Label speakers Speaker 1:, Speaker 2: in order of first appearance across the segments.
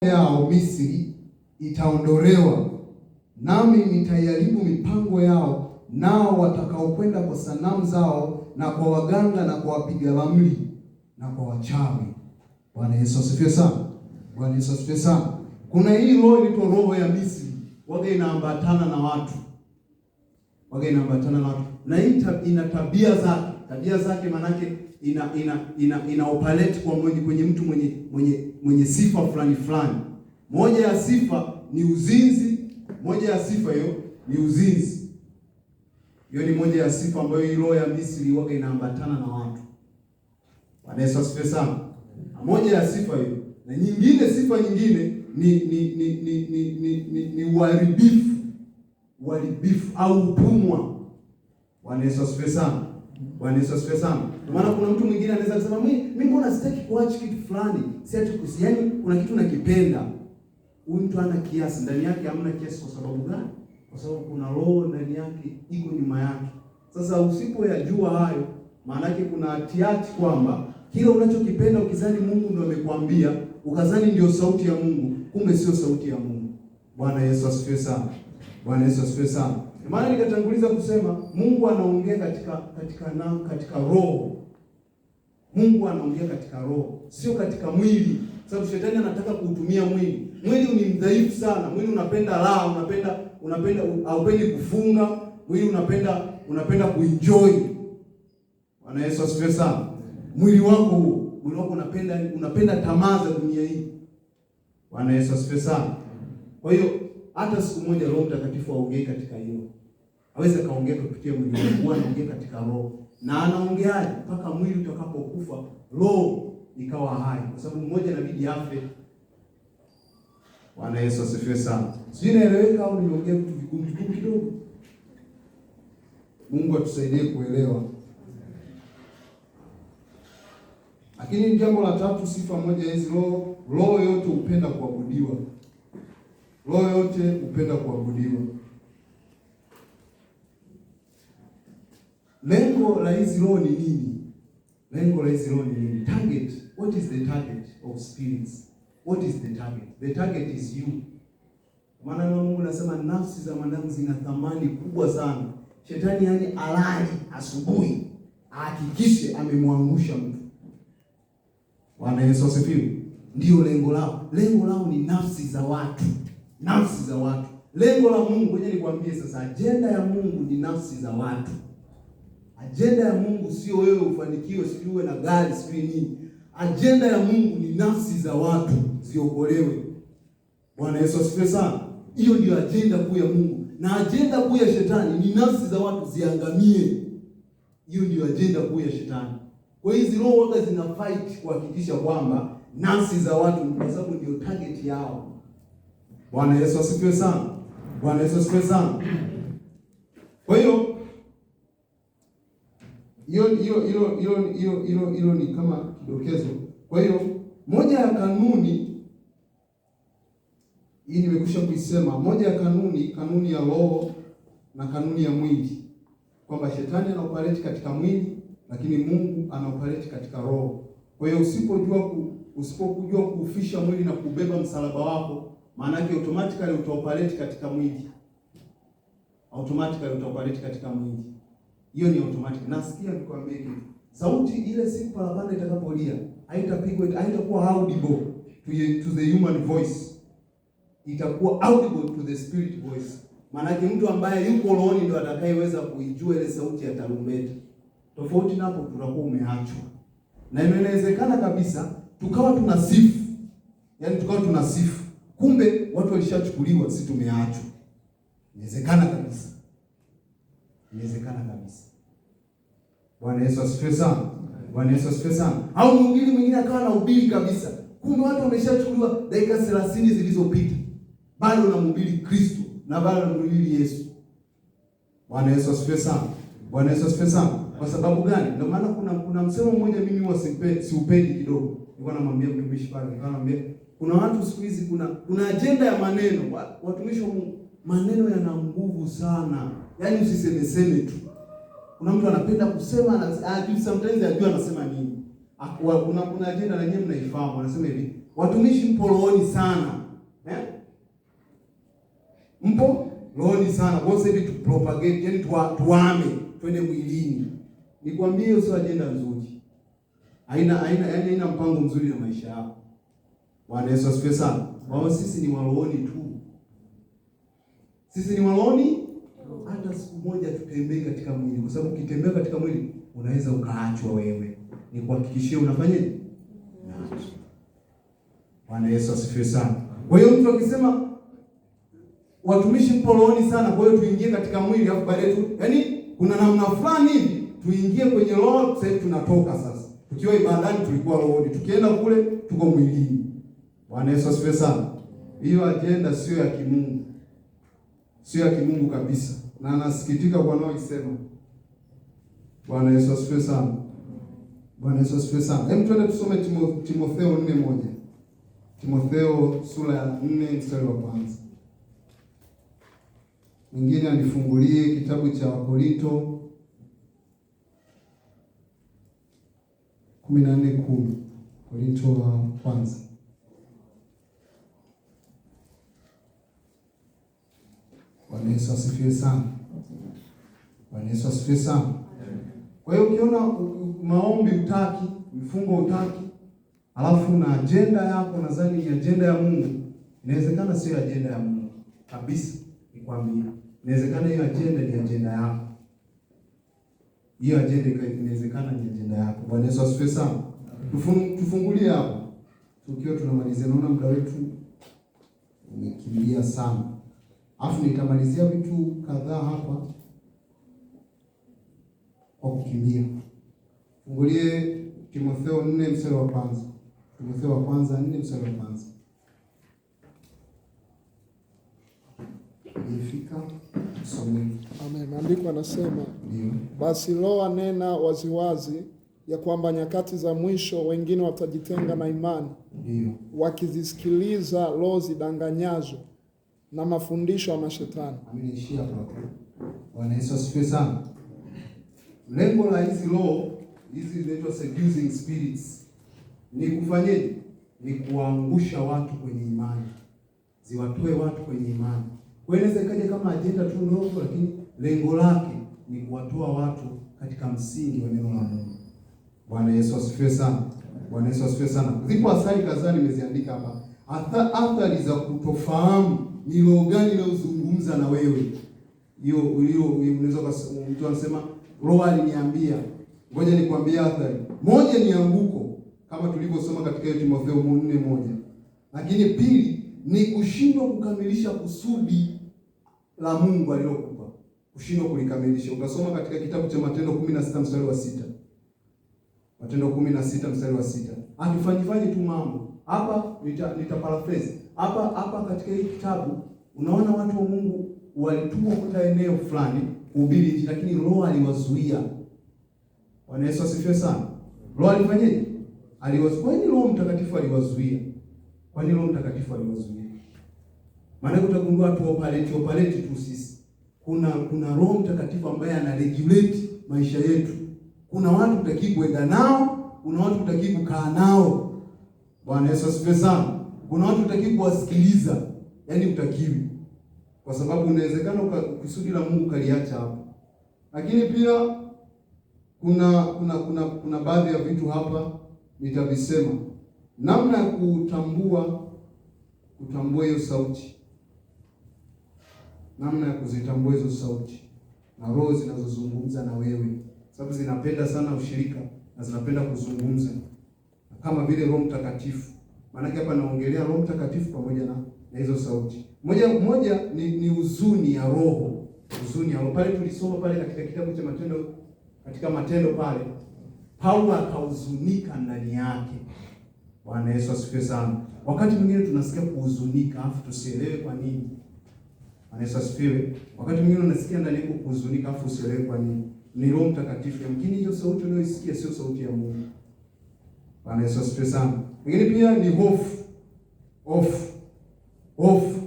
Speaker 1: yao Misri itaondolewa, nami nitaiharibu mipango yao, nao watakaokwenda kwa sanamu zao na kwa waganga na kwa wapiga ramli na kwa wachawi. Bwana Yesu asifiwe sana. Bwana Yesu asifiwe sana. Kuna hii roho inaitwa roho ya Misri, waga inaambatana na watu, waga inaambatana na watu na hii ina tabia zake tabia zake, manake ina ina ina, ina operate kwa mwenye, kwenye mtu mwenye mwenye mwenye sifa fulani fulani. Moja ya sifa ni uzinzi, moja ya sifa hiyo ni uzinzi. Hiyo ni moja ya sifa ambayo hii roho ya Misri waga inaambatana na watu. Bwana Yesu asifiwe sana. Moja ya sifa hiyo, na nyingine sifa nyingine ni ni ni ni ni, ni, ni, ni uharibifu uharibifu au utumwa. Bwana Yesu asifiwe sana. Bwana Yesu asifiwe sana. Maana kuna mtu mwingine anaweza kusema mimi mimi mbona sitaki kuacha kitu fulani? Siachi kusi. Yaani kuna kitu nakipenda. Huyu mtu ana kiasi ndani yake, hamna kiasi kwa sababu gani? Kwa sababu kuna roho ndani yake iko nyuma yake. Sasa usipoyajua hayo, maana yake kuna hatiati kwamba kile unachokipenda ukizani Mungu ndio amekwambia, ukazani ndio sauti ya Mungu, kumbe sio sauti ya Mungu. Bwana Yesu asifiwe sana. Bwana Yesu asifiwe sana. Maana nikatanguliza kusema Mungu anaongea katika katika na katika roho. Mungu anaongea katika roho, sio katika mwili, sababu shetani anataka kuutumia mwili. Mwili ni mdhaifu sana, mwili unapenda raha, unapenda unapenda haupendi kufunga, mwili unapenda unapenda kuenjoy. Bwana Yesu asifiwe sana. Mwili wako huo, mwili wako unapenda unapenda tamaa za dunia hii. Bwana Yesu asifiwe sana. Kwa hiyo hata siku moja Roho Mtakatifu aongee katika hiyo. aweze kaongea kupitia mwili, huwa anaongea katika roho. Na anaongeaje? Mpaka mwili utakapokufa, roho ikawa hai. Kwa sababu mmoja inabidi afe. Bwana Yesu asifiwe sana. Sijui naeleweka au niongee vitu vigumu vigumu kidogo. Mungu atusaidie kuelewa. Lakini jambo la tatu, sifa moja hizi roho, roho yote hupenda kuabudiwa. Roho yote hupenda kuabudiwa. Lengo la hizi roho ni nini? Lengo la hizi roho ni nini? Target. What is the target of spirits? What is the target? The target is you. Maana na Mungu anasema nafsi za mwanadamu zina thamani kubwa sana. Shetani yani alali asubuhi ahakikishe amemwangusha mtu. Bwana Yesu asifiwe. Ndio lengo lao. Lengo lao ni nafsi za watu nafsi za watu. Lengo la Mungu, eje nikwambie sasa, ajenda ya Mungu ni nafsi za watu. Ajenda ya Mungu sio wewe ufanikiwe, sijui uwe na gari, sijui nini. Ajenda ya Mungu ni nafsi za watu ziokolewe. Bwana Yesu asifiwe sana. Hiyo ndio ajenda kuu ya Mungu, na ajenda kuu ya shetani ni nafsi za watu ziangamie. Hiyo ndio ajenda kuu ya shetani. Kwa hiyo hizi roho waga zina fight kuhakikisha kwamba nafsi za watu, kwa sababu ndio target yao Bwana Yesu asifiwe sana. Bwana Yesu asifiwe sana. Kwa hiyo hiyo hiyo hiyo hiyo hiyo hiyo ni kama kidokezo. Kwa hiyo moja ya kanuni hii nimekwisha kuisema, moja ya kanuni, kanuni ya roho na kanuni ya mwili, kwamba shetani anaoperate katika mwili, lakini Mungu anaoperate katika roho. Kwa hiyo usipojua usipokujua kuufisha mwili na kubeba msalaba wako maanake automatically utaoperate katika mwili, automatically utaoperate katika mwili. Hiyo ni automatic. Nasikia nikwambie kitu, sauti ile siku parapanda itakapolia haitapigwa, haitakuwa audible to, to the human voice, itakuwa audible to the spirit voice. Maanake mtu ambaye yuko rohoni ndio atakayeweza kuijua ile sauti ya tarumbeta. Tofauti napo tutakuwa umeachwa, na inawezekana kabisa tukawa tunasifu, yani tukawa tunasifu kumbe watu walishachukuliwa, sisi tumeachwa. Inawezekana kabisa, inawezekana kabisa. Bwana Yesu asifiwe sana. Bwana Yesu asifiwe sana. Au mwingine mwingine akawa na ubiri kabisa, kumbe watu wameshachukuliwa dakika 30 zilizopita, bado unamhubiri Kristo na bado unamhubiri Yesu. Bwana Yesu asifiwe sana. Bwana Yesu asifiwe sana. Kwa sababu gani? Ndio maana kuna kuna msemo mmoja mimi huwa siupendi kidogo. Nilikuwa namwambia mtumishi pale, nilikuwa namwambia kuna watu siku hizi, kuna kuna ajenda ya maneno. Watumishi wa Mungu, maneno yana nguvu sana, yaani usisemeseme tu. Kuna mtu anapenda kusema, ajui sometimes, anajua anasema nini. Kuna kuna ajenda na mnaifahamu, anasema hivi, watumishi mpo rohoni sana eh? mpo rohoni sana kwa sababu tu propagate, yani tu tuame twende mwilini. Nikwambie hiyo sio ajenda nzuri, haina haina, yani haina mpango mzuri na maisha yako. Bwana Yesu asifiwe sana. Wao sisi ni warohoni tu, sisi ni warohoni hata siku moja tutembee katika mwili, kwa sababu ukitembea katika mwili unaweza ukaachwa wewe. Nikuhakikishie unafanyaje? Bwana Yesu asifiwe sana. Kwa hiyo mtu akisema watumishi mpo rohoni sana, kwa hiyo tuingie katika mwili afu baadaye tu, yaani kuna namna fulani tuingie kwenye roho, sasa tunatoka sasa. Tukiwa ibadani tulikuwa rohoni, tukienda kule tuko mwilini. Bwana Yesu asifiwe sana. Hiyo ajenda sio ya kimungu, sio ya kimungu kabisa, na nasikitika wanaoisema. Bwana Yesu asifiwe sana. Bwana Yesu asifiwe sana. Hebu twende tusome Timotheo nne moja. Timotheo sura ya nne mstari wa kwanza. Mwingine anifungulie kitabu cha Wakorinto kumi na nne kumi Korinto wa kwanza Bwana Yesu asifiwe sana. Bwana Yesu asifiwe sana. Kwa hiyo ukiona maombi utaki, mfungo utaki, alafu na ajenda yako nadhani ni ajenda ya Mungu, inawezekana sio ajenda ya Mungu kabisa, nikwambia. Inawezekana hiyo ajenda ni ajenda yako. Hiyo ajenda inawezekana ni ajenda yako. Bwana Yesu asifiwe sana. Tufungulie hapo. Tukiwa tunamalizia, naona muda wetu umekimbia sana. Alafu nitamalizia vitu kadhaa hapa kwa kukimbia. Fungulie Timotheo nne mstari wa kwanza. Timotheo wa kwanza nne mstari wa kwanza.
Speaker 2: Nifika someni. Amen. Maandiko anasema Basi Roho anena waziwazi ya kwamba nyakati za mwisho wengine watajitenga na imani, Ndiyo. wakizisikiliza roho zidanganyazo na mafundisho ya mashetani.
Speaker 1: Nimeishia hapo. Bwana Yesu asifiwe sana. Lengo la hizi roho hizi zinaitwa seducing spirits ni kufanyeje? Ni kuwaangusha watu kwenye imani, ziwatoe watu kwenye imani. Kwaweza ikaja kama ajenda tu ndogo, lakini lengo lake ni kuwatoa watu katika msingi wa neno la Mungu. Bwana Yesu asifiwe sana. Bwana Yesu asifiwe sana. Zipo athari kadhaa nimeziandika hapa, athari za kutofahamu ni roho gani inayozungumza na wewe? Hiyo hiyo unaweza mtu anasema roho aliniambia. Ngoja nikwambie athari. Moja ni anguko kama tulivyosoma katika Timotheo 4:1. Lakini pili ni kushindwa kukamilisha kusudi la Mungu aliyokupa. Kushindwa kulikamilisha. Ukasoma katika kitabu cha Matendo 16 mstari wa sita. Matendo 16 mstari wa sita. Hatufanyifanyi tu mambo. Hapa nita, nita paraphrase hapa hapa katika hii kitabu unaona watu wa Mungu walitumwa kwenda eneo fulani kuhubiri Injili, lakini Roho aliwazuia. Bwana Yesu asifiwe sana. Roho alifanyaje? Aliwazuia. Kwa nini Roho Mtakatifu aliwazuia? Kwa nini Roho Mtakatifu aliwazuia? Maana utagundua tu operate operate tu sisi. Kuna kuna Roho Mtakatifu ambaye ana regulate maisha yetu. Kuna watu utakii kwenda nao, kuna watu utakii kukaa nao. Bwana Yesu asifiwe sana. Kuna watu utaki kuwasikiliza, yaani utakiwi, kwa sababu inawezekana kusudi la Mungu kaliacha hapo. Lakini pia kuna kuna kuna, kuna baadhi ya vitu hapa nitavisema, namna ya kutambua kutambua hiyo sauti, namna ya kuzitambua hizo sauti na roho zinazozungumza na wewe, sababu zinapenda sana ushirika na zinapenda kuzungumza kama vile Roho Mtakatifu Maanake hapa naongelea Roho Mtakatifu pamoja na na hizo sauti. Moja moja ni, ni huzuni ya roho. Huzuni ya roho. Pale tulisoma pale katika kitabu cha Matendo katika Matendo pale Paulo akahuzunika ndani yake. Bwana Yesu asifiwe sana. Wakati mwingine tunasikia kuhuzunika afu tusielewe kwa nini. Bwana Yesu asifiwe. Wakati mwingine unasikia ndani yako kuhuzunika afu usielewe kwa nini. Ni Roho Mtakatifu. Yamkini hiyo sauti unayoisikia sio sauti ya Mungu. Bwana Yesu asifiwe sana. Lakini pia ni hofu, hofu, hofu,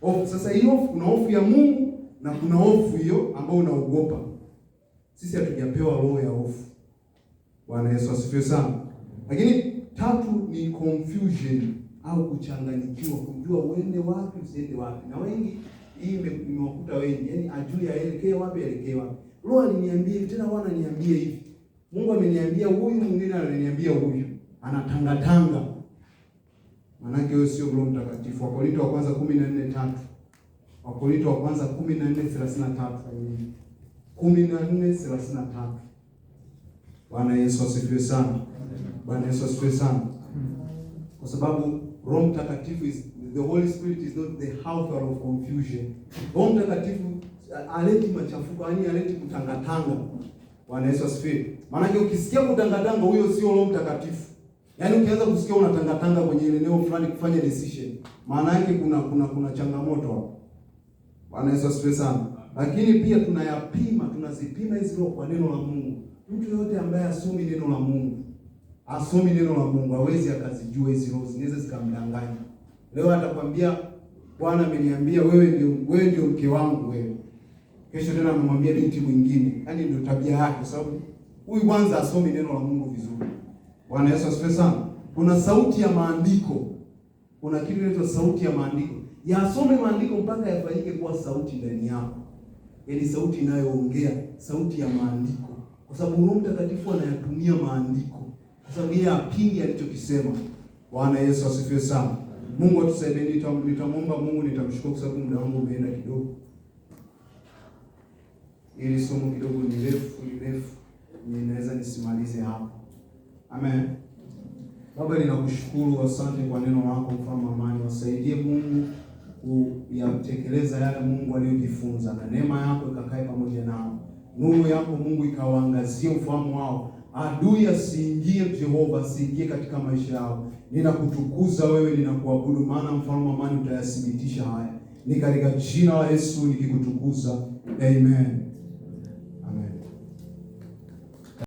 Speaker 1: hofu. Sasa hiyo hofu, kuna hofu ya Mungu na kuna hofu hiyo ambayo unaogopa. Sisi hatujapewa roho ya hofu. Bwana Yesu asifiwe sana. Lakini tatu ni confusion au kuchanganyikiwa, kujua uende wapi usiende wapi, na wengi hii imewakuta wengi, yaani ajui aelekee wapi aelekee wapi. Roho aliniambia tena, wana niambie hivi, Mungu ameniambia huyu, mwingine ananiambia huyu anatangatanga, manake huyo sio Roho Mtakatifu. Wakorinto wa kwanza tatu Wakorinto wa kwanza 14:33, tatu Bwana Yesu asifiwe sana. Bwana Yesu asifiwe sana, kwa sababu Roho Mtakatifu is the Holy Spirit is not the author of confusion. Roho Mtakatifu uh, aleti machafuko, yaani aleti kutangatanga. Bwana Yesu asifiwe. Maana ukisikia kutangatanga, huyo sio Roho Mtakatifu. Yaani ukianza kusikia unatangatanga kwenye ile eneo fulani kufanya decision, maana yake kuna kuna kuna changamoto hapo. Bwana Yesu asifiwe sana. Lakini pia tunayapima, tunazipima hizi roho kwa neno la Mungu. Mtu yote ambaye asomi neno la Mungu, asomi neno la Mungu hawezi akazijua hizi roho, zinaweza zikamdanganya. Leo atakwambia Bwana ameniambia wewe ndio wewe ndio mke wangu wewe. Kesho tena amemwambia binti mwingine. Yaani ndio tabia yake sababu huyu kwanza asomi neno la Mungu vizuri. Bwana Yesu asifiwe sana. Kuna sauti ya maandiko, kuna kitu kinaitwa sauti ya maandiko. Yasome maandiko mpaka yafanyike kuwa sauti ndani yako, yaani sauti inayoongea, sauti ya maandiko, kwa sababu Roho Mtakatifu anayatumia maandiko, kwa sababu yeye apingi alichokisema. Bwana Yesu asifiwe sana. Mungu atusaidie. Nitamwomba Mungu, nitamshukuru kwa sababu muda wangu umeenda kidogo. Ili somo kidogo ni refu, ni refu, ninaweza nisimalize hapa. Amen. Baba, ninakushukuru, asante kwa neno lako, mfalme wa amani. Wasaidie Mungu kuyatekeleza yale Mungu aliyojifunza, na neema yako ikakae pamoja nao, nuru yako Mungu ikawaangazia ufahamu wao adui asiingie, Jehova asiingie katika maisha yao. Ninakutukuza wewe, ninakuabudu, maana mfalme wa amani utayathibitisha haya. Ni katika jina la Yesu nikikutukuza, amen.